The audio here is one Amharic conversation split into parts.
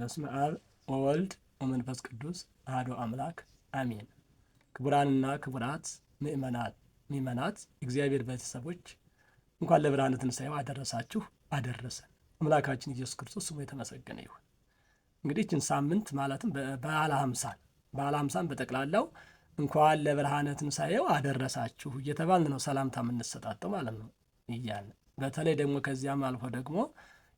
በስመ አብ ወወልድ ወመንፈስ ቅዱስ አሐዱ አምላክ አሜን። ክቡራንና ክቡራት ምእመናት ምእመናት እግዚአብሔር ቤተሰቦች እንኳን ለብርሃነ ትንሣኤው አደረሳችሁ አደረሰን። አምላካችን ኢየሱስ ክርስቶስ ስሙ የተመሰገነ ይሁን። እንግዲህ ይህችን ሳምንት ማለትም በዓለ ሀምሳን በዓለ ሀምሳን በጠቅላላው እንኳን ለብርሃነ ትንሣኤው አደረሳችሁ እየተባልን ነው ሰላምታ የምንሰጣጠው ማለት ነው እያለ በተለይ ደግሞ ከዚያም አልፎ ደግሞ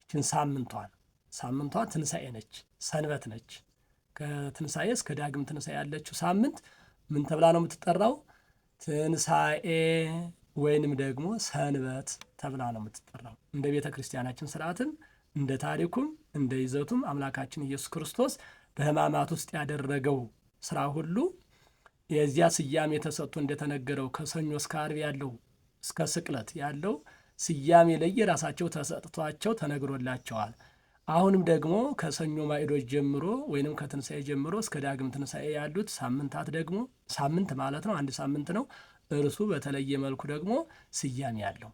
ይህችን ሳምንቷን ሳምንቷ ትንሣኤ ነች፣ ሰንበት ነች። ከትንሣኤ እስከ ዳግም ትንሣኤ ያለችው ሳምንት ምን ተብላ ነው የምትጠራው? ትንሣኤ ወይንም ደግሞ ሰንበት ተብላ ነው የምትጠራው። እንደ ቤተ ክርስቲያናችን ስርዓትም እንደ ታሪኩም እንደ ይዘቱም አምላካችን ኢየሱስ ክርስቶስ በሕማማት ውስጥ ያደረገው ስራ ሁሉ የዚያ ስያሜ ተሰጥቶ እንደተነገረው ከሰኞ እስከ ዓርብ ያለው እስከ ስቅለት ያለው ስያሜ ለየራሳቸው ተሰጥቷቸው ተነግሮላቸዋል። አሁንም ደግሞ ከሰኞ ማዕዶች ጀምሮ ወይንም ከትንሣኤ ጀምሮ እስከ ዳግም ትንሣኤ ያሉት ሳምንታት ደግሞ ሳምንት ማለት ነው፣ አንድ ሳምንት ነው። እርሱ በተለየ መልኩ ደግሞ ስያሜ አለው።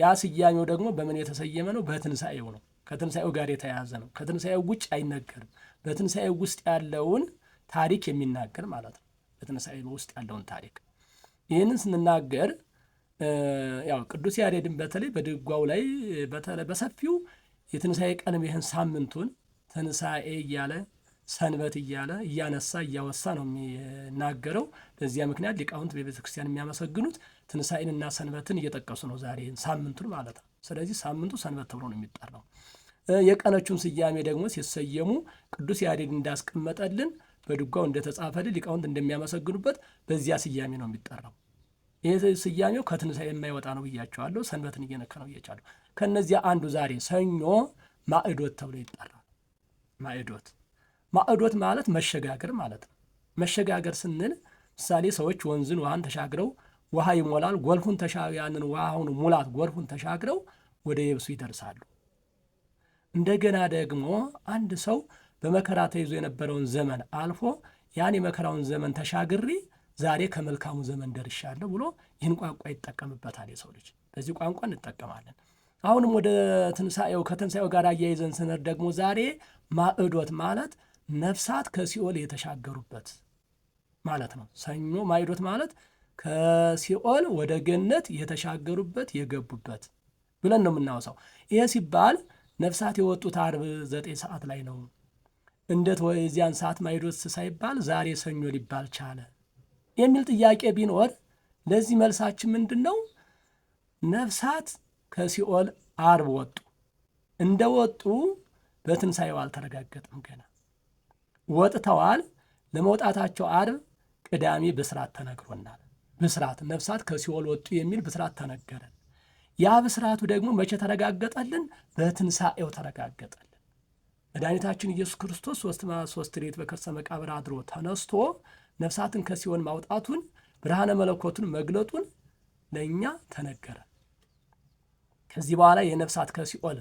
ያ ስያሜው ደግሞ በምን የተሰየመ ነው? በትንሣኤው ነው። ከትንሣኤው ጋር የተያያዘ ነው። ከትንሣኤው ውጭ አይነገርም። በትንሣኤው ውስጥ ያለውን ታሪክ የሚናገር ማለት ነው። በትንሣኤ ውስጥ ያለውን ታሪክ ይህንን ስንናገር ያው ቅዱስ ያሬድን በተለይ በድጓው ላይ በሰፊው የትንሣኤ ቀንም ይህን ሳምንቱን ትንሣኤ እያለ ሰንበት እያለ እያነሳ እያወሳ ነው የሚናገረው። በዚያ ምክንያት ሊቃውንት በቤተ ክርስቲያን የሚያመሰግኑት ትንሣኤንና ሰንበትን እየጠቀሱ ነው፣ ዛሬ ሳምንቱን ማለት ነው። ስለዚህ ሳምንቱ ሰንበት ተብሎ ነው የሚጠራው። የቀኖቹን ስያሜ ደግሞ ሲሰየሙ ቅዱስ ያሬድ እንዳስቀመጠልን በድጓው እንደተጻፈልን ሊቃውንት እንደሚያመሰግኑበት በዚያ ስያሜ ነው የሚጠራው። ይህ ስያሜው ከትንሣኤ የማይወጣ ነው ብያቸዋለሁ። ሰንበትን እየነካ ነው ብያቸዋለሁ። ከእነዚያ አንዱ ዛሬ ሰኞ ማዕዶት ተብሎ ይጠራል። ማዕዶት ማዕዶት ማለት መሸጋገር ማለት ነው። መሸጋገር ስንል ምሳሌ ሰዎች ወንዝን ውሃን ተሻግረው ውሃ ይሞላል። ጎልፉን ያንን ውሃውን ሙላት ጎልፉን ተሻግረው ወደ የብሱ ይደርሳሉ። እንደገና ደግሞ አንድ ሰው በመከራ ተይዞ የነበረውን ዘመን አልፎ ያን የመከራውን ዘመን ተሻግሬ ዛሬ ከመልካሙ ዘመን ደርሻለሁ ብሎ ይህን ቋንቋ ይጠቀምበታል። የሰው ልጅ በዚህ ቋንቋ እንጠቀማለን። አሁንም ወደ ትንሣኤው ከትንሣኤው ጋር አያይዘን ስንር ደግሞ ዛሬ ማዕዶት ማለት ነፍሳት ከሲኦል የተሻገሩበት ማለት ነው። ሰኞ ማዕዶት ማለት ከሲኦል ወደ ገነት የተሻገሩበት የገቡበት ብለን ነው የምናወሳው። ይህ ሲባል ነፍሳት የወጡት አርብ ዘጠኝ ሰዓት ላይ ነው። እንዴት እዚያን ሰዓት ማዕዶት ሳይባል ዛሬ ሰኞ ሊባል ቻለ? የሚል ጥያቄ ቢኖር ለዚህ መልሳችን ምንድን ነው? ነፍሳት ከሲኦል አርብ ወጡ። እንደ ወጡ በትንሣኤው አልተረጋገጥም። ገና ወጥተዋል። ለመውጣታቸው አርብ ቅዳሜ ብስራት ተነግሮናል። ብስራት ነፍሳት ከሲኦል ወጡ የሚል ብስራት ተነገረን። ያ ብስራቱ ደግሞ መቼ ተረጋገጠልን? በትንሣኤው ተረጋገጠልን። መድኃኒታችን ኢየሱስ ክርስቶስ ሶስት ሌት በከርሰ መቃብር አድሮ ተነስቶ ነፍሳትን ከሲሆን ማውጣቱን ብርሃነ መለኮቱን መግለጡን ለእኛ ተነገረ። ከዚህ በኋላ የነፍሳት ከሲኦል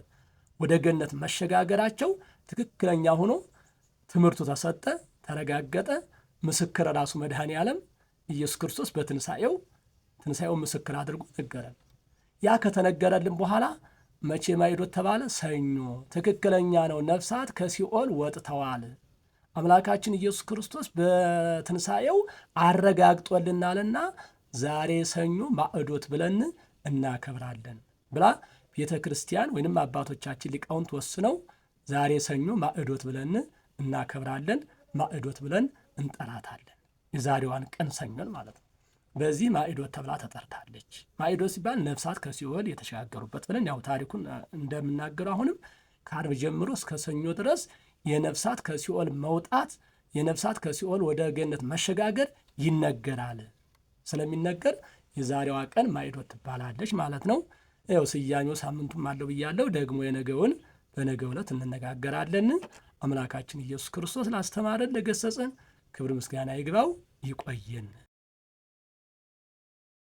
ወደ ገነት መሸጋገራቸው ትክክለኛ ሆኖ ትምህርቱ ተሰጠ፣ ተረጋገጠ። ምስክር ራሱ መድኃኔ ዓለም ኢየሱስ ክርስቶስ በትንሣኤው ትንሣኤውን ምስክር አድርጎ ነገረን። ያ ከተነገረልን በኋላ መቼ ማይዶት ተባለ? ሰኞ። ትክክለኛ ነው፣ ነፍሳት ከሲኦል ወጥተዋል። አምላካችን ኢየሱስ ክርስቶስ በትንሣኤው አረጋግጦልናልና ዛሬ ሰኞ ማዕዶት ብለን እናከብራለን ብላ ቤተ ክርስቲያን ወይንም አባቶቻችን ሊቃውንት ወስነው ዛሬ ሰኞ ማዕዶት ብለን እናከብራለን፣ ማዕዶት ብለን እንጠራታለን። የዛሬዋን ቀን ሰኞን ማለት ነው። በዚህ ማዕዶት ተብላ ተጠርታለች። ማዕዶት ሲባል ነፍሳት ከሲኦል የተሻገሩበት ብለን ያው ታሪኩን እንደምናገረው አሁንም ከአርብ ጀምሮ እስከ ሰኞ ድረስ የነፍሳት ከሲኦል መውጣት የነፍሳት ከሲኦል ወደ ገነት መሸጋገር ይነገራል። ስለሚነገር የዛሬዋ ቀን ማይዶት ትባላለች ማለት ነው። ያው ስያሜው ሳምንቱም አለው ብያለው። ደግሞ የነገውን በነገው ዕለት እንነጋገራለን። አምላካችን ኢየሱስ ክርስቶስ ላስተማረን ለገሰጸን ክብር ምስጋና ይግባው። ይቆየን።